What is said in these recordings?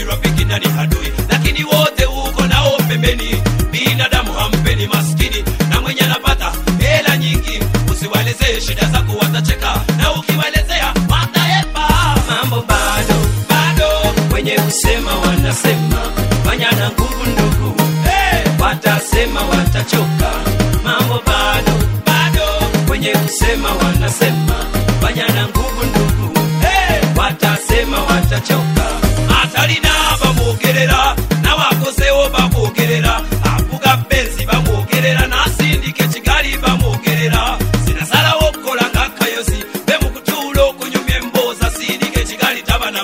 ni rafiki na ni hadui, lakini wote huko nao pembeni. Binadamu hampeni maskini na mwenye anapata hela nyingi, usiwaelezee shida zako, watacheka na ukiwaelezea wataepa. Mambo bado bado, wenye kusema wanasema, fanya na nguvu ndugu, hey! watasema watachoka. Mambo bado bado, wenye kusema wanasema, fanya na nguvu ndugu, hey! watasema watachoka.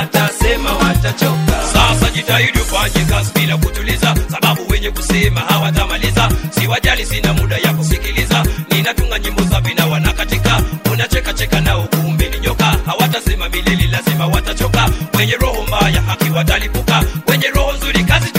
watasema watachoka. Sasa jitahidi ufanye kazi bila kutuliza, sababu wenye kusema hawatamaliza. Siwajali, sina muda ya kusikiliza. Ninatunga nyimbo za vina wanakatika, unacheka cheka nao, kumbe ni nyoka. Hawatasema milele, lazima watachoka. Wenye roho mbaya haki watalipuka, wenye roho nzuri kazi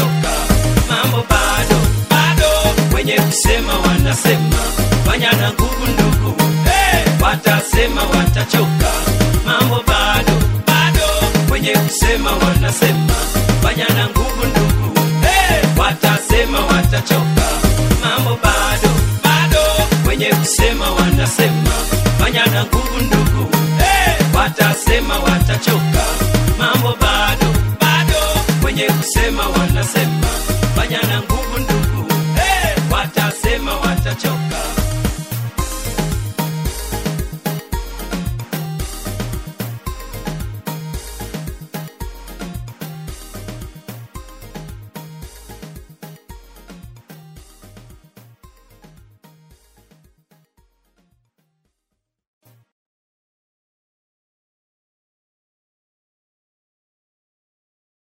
hawajachoka, mambo bado bado, wenye kusema wanasema, fanya na nguvu ndugu, hey! watasema watachoka, mambo bado bado, wenye kusema wanasema, fanya na nguvu ndugu, hey! watasema watachoka, mambo bado bado, wenye kusema wanasema, fanya na nguvu ndugu, hey! watasema watachoka, mambo wenye kusema wanasema